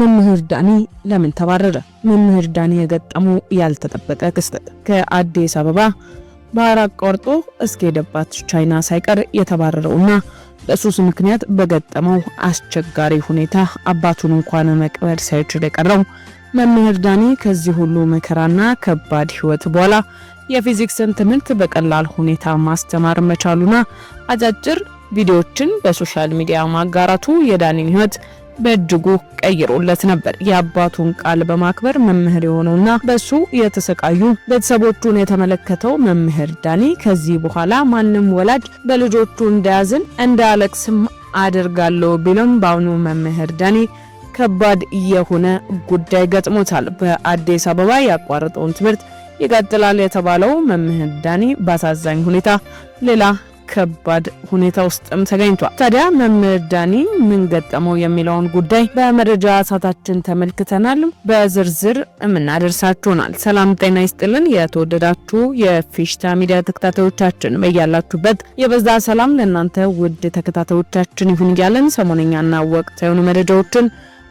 መምህር ዳኒ ለምን ተባረረ? መምህር ዳኒ የገጠመው ያልተጠበቀ ክስተት ከአዲስ አበባ ባህር አቋርጦ እስከሄደባት ቻይና ሳይቀር የተባረረውና በሱስ ምክንያት በገጠመው አስቸጋሪ ሁኔታ አባቱን እንኳን መቅበር ሳይችል የቀረው መምህር ዳኒ ከዚህ ሁሉ መከራና ከባድ ህይወት በኋላ የፊዚክስን ትምህርት በቀላል ሁኔታ ማስተማር መቻሉና አጫጭር ቪዲዮዎችን በሶሻል ሚዲያ ማጋራቱ የዳኒን ህይወት በእጅጉ ቀይሮለት ነበር። የአባቱን ቃል በማክበር መምህር የሆነውና በሱ የተሰቃዩ ቤተሰቦቹን የተመለከተው መምህር ዳኒ ከዚህ በኋላ ማንም ወላጅ በልጆቹ እንዳያዝን እንዳያለቅስም አደርጋለሁ ቢልም በአሁኑ መምህር ዳኒ ከባድ የሆነ ጉዳይ ገጥሞታል። በአዲስ አበባ ያቋረጠውን ትምህርት ይቀጥላል የተባለው መምህር ዳኒ በአሳዛኝ ሁኔታ ሌላ ከባድ ሁኔታ ውስጥም ተገኝቷል። ታዲያ መምህር ዳኒ ምን ገጠመው የሚለውን ጉዳይ በመረጃ ሰዓታችን ተመልክተናል። በዝርዝር የምናደርሳችሁናል። ሰላም ጤና ይስጥልን። የተወደዳችሁ የፌሽታ ሚዲያ ተከታታዮቻችን በያላችሁበት የበዛ ሰላም ለእናንተ ውድ ተከታታዮቻችን ይሁን እያለን ሰሞነኛና ወቅት የሆኑ መረጃዎችን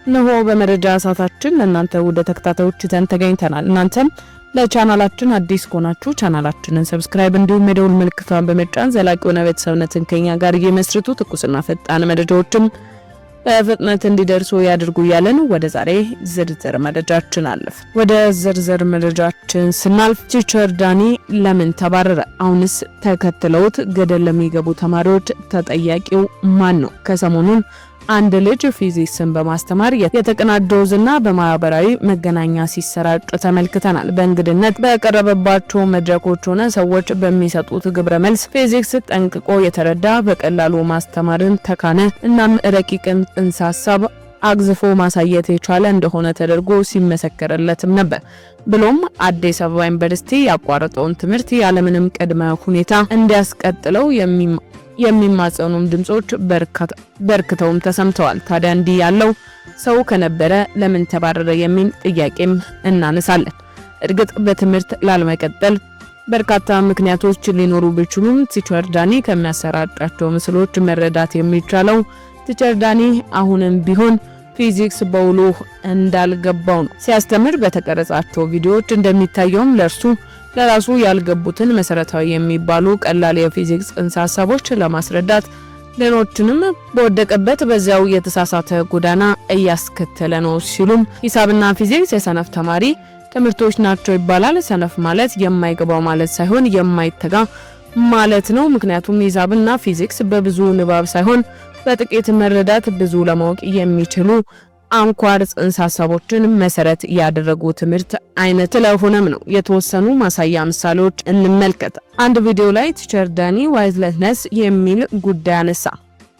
እነሆ በመረጃ ሰዓታችን ለእናንተ ውድ ተከታታዮች ይዘን ተገኝተናል። እናንተም ለቻናላችን አዲስ ከሆናችሁ ቻናላችንን ሰብስክራይብ እንዲሁም የደውል ምልክቷን በመጫን ዘላቂ የሆነ ቤተሰብነትን ከኛ ጋር እየመስርቱ ትኩስና ፈጣን መረጃዎችም በፍጥነት እንዲደርሱ ያድርጉ እያለን ወደ ዛሬ ዝርዝር መረጃችን አለፍ። ወደ ዝርዝር መረጃችን ስናልፍ ቲቸር ዳኒ ለምን ተባረረ? አሁንስ ተከትለውት ገደል ለሚገቡ ተማሪዎች ተጠያቂው ማን ነው? ከሰሞኑን አንድ ልጅ ፊዚክስን በማስተማር የተቀናጀው ዝና በማህበራዊ መገናኛ ሲሰራጭ ተመልክተናል። በእንግድነት በቀረበባቸው መድረኮች ሆነ ሰዎች በሚሰጡት ግብረ መልስ ፊዚክስ ጠንቅቆ የተረዳ በቀላሉ ማስተማርን ተካነ፣ እናም ረቂቅን ጥንሰ ሀሳብ አግዝፎ ማሳየት የቻለ እንደሆነ ተደርጎ ሲመሰከርለትም ነበር። ብሎም አዲስ አበባ ዩኒቨርሲቲ ያቋረጠውን ትምህርት ያለምንም ቅድመ ሁኔታ እንዲያስቀጥለው የሚ የሚማጸኑም ድምጾች በርክተውም ተሰምተዋል። ታዲያ እንዲህ ያለው ሰው ከነበረ ለምን ተባረረ የሚል ጥያቄም እናነሳለን። እርግጥ በትምህርት ላለመቀጠል በርካታ ምክንያቶች ሊኖሩ ቢችሉም ቲቸር ዳኒ ከሚያሰራጫቸው ምስሎች መረዳት የሚቻለው ቲቸር ዳኒ አሁንም ቢሆን ፊዚክስ በውሎ እንዳልገባው ነው። ሲያስተምር በተቀረጻቸው ቪዲዮዎች እንደሚታየውም ለእርሱ ለራሱ ያልገቡትን መሰረታዊ የሚባሉ ቀላል የፊዚክስ ጽንሰ ሀሳቦች ለማስረዳት ሌሎችንም በወደቀበት በዚያው የተሳሳተ ጎዳና እያስከተለ ነው ሲሉም ሂሳብና ፊዚክስ የሰነፍ ተማሪ ትምህርቶች ናቸው ይባላል። ሰነፍ ማለት የማይገባው ማለት ሳይሆን የማይተጋ ማለት ነው። ምክንያቱም ሂሳብና ፊዚክስ በብዙ ንባብ ሳይሆን በጥቂት መረዳት ብዙ ለማወቅ የሚችሉ አንኳር ጽንሰ ሀሳቦችን መሰረት ያደረጉ ትምህርት አይነት ለሆነም ነው። የተወሰኑ ማሳያ ምሳሌዎች እንመልከት። አንድ ቪዲዮ ላይ ቲቸር ዳኒ ዋይዝለስነስ የሚል ጉዳይ አነሳ።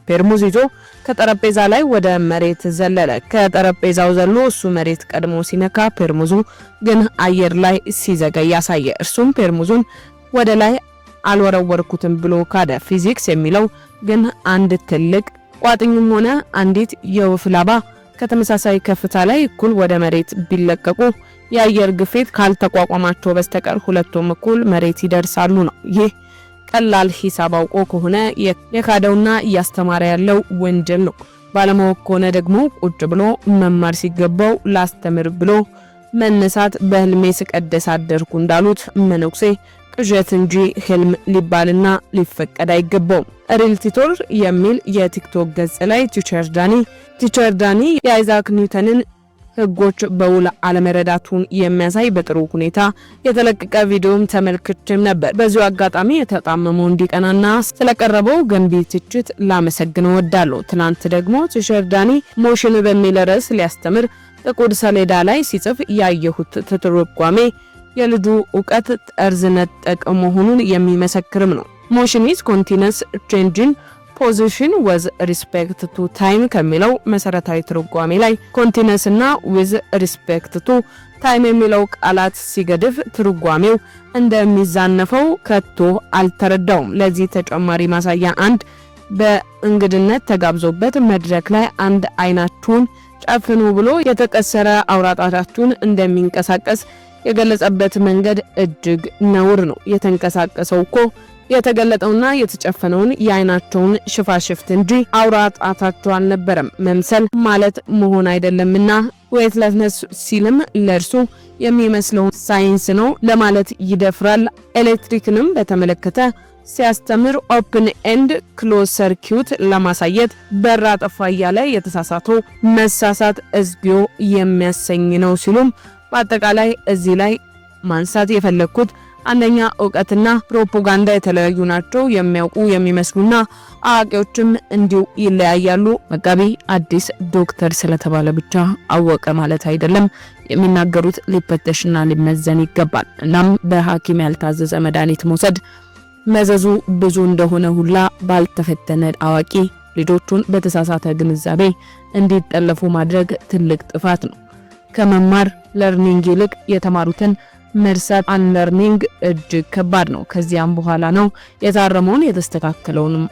ፔርሙዝ ይዞ ከጠረጴዛ ላይ ወደ መሬት ዘለለ። ከጠረጴዛው ዘሎ እሱ መሬት ቀድሞ ሲነካ፣ ፔርሙዙ ግን አየር ላይ ሲዘገይ ያሳየ። እርሱም ፔርሙዙን ወደ ላይ አልወረወርኩትም ብሎ ካደ። ፊዚክስ የሚለው ግን አንድ ትልቅ ቋጥኝም ሆነ አንዲት የወፍ ላባ ከተመሳሳይ ከፍታ ላይ እኩል ወደ መሬት ቢለቀቁ የአየር ግፊት ካልተቋቋማቸው በስተቀር ሁለቱም እኩል መሬት ይደርሳሉ ነው። ይህ ቀላል ሂሳብ አውቆ ከሆነ የካደውና እያስተማረ ያለው ወንጀል ነው። ባለማወቅ ከሆነ ደግሞ ቁጭ ብሎ መማር ሲገባው ላስተምር ብሎ መነሳት በህልሜ ስቀደስ አደርኩ እንዳሉት መነኩሴ ቅዠት እንጂ ህልም ሊባልና ሊፈቀድ አይገባውም። ሪልቲቶር የሚል የቲክቶክ ገጽ ላይ ቲቸር ዳኒ ቲቸር ዳኒ የአይዛክ ኒውተንን ህጎች በውል አለመረዳቱን የሚያሳይ በጥሩ ሁኔታ የተለቀቀ ቪዲዮም ተመልክችም ነበር። በዚሁ አጋጣሚ የተጣመመው እንዲቀናና ስለቀረበው ገንቢ ትችት ላመሰግን እወዳለሁ። ትናንት ደግሞ ቲቸር ዳኒ ሞሽን በሚል ርዕስ ሊያስተምር ጥቁር ሰሌዳ ላይ ሲጽፍ ያየሁት ትርጓሜ የልጁ እውቀት ጠርዝነት ጠቅ መሆኑን የሚመሰክርም ነው። ሞሽን ኢዝ ኮንቲነስ ቼንጅን ፖዚሽን ወዝ ሪስፔክት ቱ ታይም ከሚለው መሰረታዊ ትርጓሜ ላይ ኮንቲነስ እና ዊዝ ሪስፔክት ቱ ታይም የሚለው ቃላት ሲገድፍ ትርጓሜው እንደሚዛነፈው ከቶ አልተረዳውም። ለዚህ ተጨማሪ ማሳያ አንድ በእንግድነት ተጋብዞበት መድረክ ላይ አንድ አይናችሁን ጨፍኑ ብሎ የተቀሰረ አውራ ጣታችሁን እንደሚንቀሳቀስ የገለጸበት መንገድ እጅግ ነውር ነው። የተንቀሳቀሰው እኮ የተገለጠውና የተጨፈነውን የአይናቸውን ሽፋሽፍት እንጂ አውራ ጣታቸው አልነበረም። መምሰል ማለት መሆን አይደለምና ዌትለስነስ ሲልም ለእርሱ የሚመስለውን ሳይንስ ነው ለማለት ይደፍራል። ኤሌክትሪክንም በተመለከተ ሲያስተምር ኦፕን ኤንድ ክሎዝ ሰርኪዩት ለማሳየት በራ ጠፋ እያለ የተሳሳተው መሳሳት እዝጊዮ የሚያሰኝ ነው ሲሉም በአጠቃላይ እዚህ ላይ ማንሳት የፈለግኩት አንደኛ እውቀትና ፕሮፓጋንዳ የተለያዩ ናቸው። የሚያውቁ የሚመስሉና አዋቂዎችም እንዲሁ ይለያያሉ። መጋቢ አዲስ ዶክተር ስለተባለ ብቻ አወቀ ማለት አይደለም። የሚናገሩት ሊፈተሽና ሊመዘን ይገባል። እናም በሐኪም ያልታዘዘ መድኃኒት መውሰድ መዘዙ ብዙ እንደሆነ ሁላ ባልተፈተነ አዋቂ ልጆቹን በተሳሳተ ግንዛቤ እንዲጠለፉ ማድረግ ትልቅ ጥፋት ነው። ከመማር ለርኒንግ ይልቅ የተማሩትን መርሳት አንለርኒንግ እጅግ ከባድ ነው። ከዚያም በኋላ ነው የታረመውን የተስተካከለውንም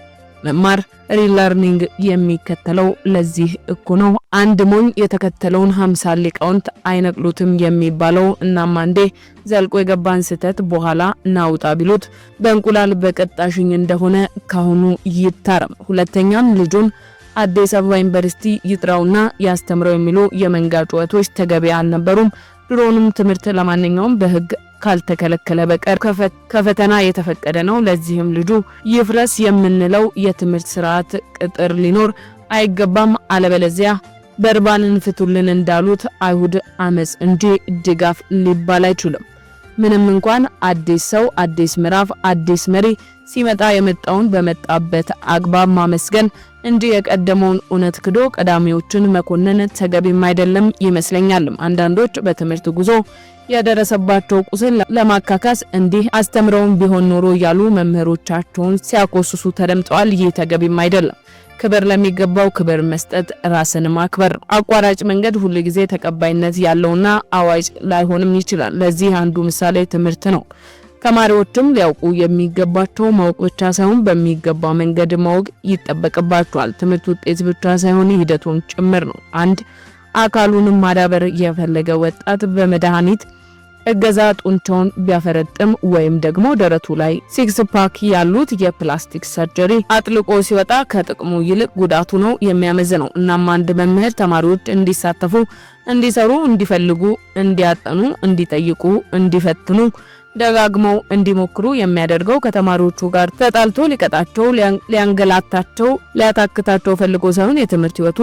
መማር ሪለርኒንግ የሚከተለው ለዚህ እኮ ነው። አንድ ሞኝ የተከተለውን ሀምሳ ሊቃውንት አይነቅሉትም የሚባለው። እናም አንዴ ዘልቆ የገባን ስህተት በኋላ ናውጣ ቢሉት በእንቁላል በቀጣሽኝ እንደሆነ ካሁኑ ይታረም። ሁለተኛም ልጁን አዲስ አበባ ዩኒቨርሲቲ ይጥራውና ያስተምረው የሚሉ የመንጋ ጩኸቶች ተገቢ አልነበሩም። ድሮንም ትምህርት ለማንኛውም በህግ ካልተከለከለ በቀር ከፈተና የተፈቀደ ነው። ለዚህም ልጁ ይፍረስ የምንለው የትምህርት ስርዓት ቅጥር ሊኖር አይገባም። አለበለዚያ በርባንን ፍቱልን እንዳሉት አይሁድ አመፅ እንጂ ድጋፍ ሊባል አይችልም። ምንም እንኳን አዲስ ሰው፣ አዲስ ምዕራፍ፣ አዲስ መሪ ሲመጣ የመጣውን በመጣበት አግባብ ማመስገን እንዲህ የቀደመውን እውነት ክዶ ቀዳሚዎችን መኮንን ተገቢም አይደለም ይመስለኛል። አንዳንዶች በትምህርት ጉዞ የደረሰባቸው ቁስል ለማካካስ እንዲህ አስተምረውን ቢሆን ኖሮ እያሉ መምህሮቻቸውን ሲያኮስሱ ተደምጠዋል። ይህ ተገቢም አይደለም። ክብር ለሚገባው ክብር መስጠት፣ ራስን ማክበር። አቋራጭ መንገድ ሁል ጊዜ ተቀባይነት ያለውና አዋጭ ላይሆንም ይችላል። ለዚህ አንዱ ምሳሌ ትምህርት ነው። ተማሪዎችም ሊያውቁ የሚገባቸው ማወቅ ብቻ ሳይሆን በሚገባ መንገድ ማወቅ ይጠበቅባቸዋል። ትምህርት ውጤት ብቻ ሳይሆን ሂደቱን ጭምር ነው። አንድ አካሉንም ማዳበር የፈለገ ወጣት በመድኃኒት እገዛ ጡንቻውን ቢያፈረጥም ወይም ደግሞ ደረቱ ላይ ሲክስ ፓክ ያሉት የፕላስቲክ ሰርጀሪ አጥልቆ ሲወጣ ከጥቅሙ ይልቅ ጉዳቱ ነው የሚያመዝ ነው። እናም አንድ መምህር ተማሪዎች እንዲሳተፉ፣ እንዲሰሩ፣ እንዲፈልጉ፣ እንዲያጠኑ፣ እንዲጠይቁ፣ እንዲፈትኑ ደጋግመው እንዲሞክሩ የሚያደርገው ከተማሪዎቹ ጋር ተጣልቶ ሊቀጣቸው፣ ሊያንገላታቸው፣ ሊያታክታቸው ፈልጎ ሳይሆን የትምህርት ህይወቱ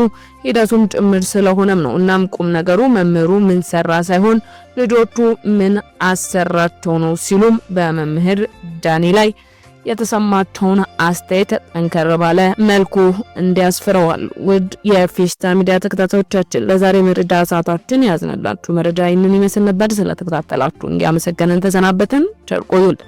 ሂደቱም ጭምር ስለሆነም ነው። እናም ቁም ነገሩ መምህሩ ምን ሰራ ሳይሆን ልጆቹ ምን አሰራቸው ነው ሲሉም በመምህር ዳኒ ላይ የተሰማቸውን አስተያየት ጠንከር ባለ መልኩ እንዲያስፍረዋል። ውድ የፌሽታ ሚዲያ ተከታታዮቻችን ለዛሬ መረጃ ሰዓታችን ያዝነላችሁ መረጃ ይህንን ይመስል ነበር። ስለተከታተላችሁ እንዲያመሰገንን ተሰናበትን። ቸር ቆዩን።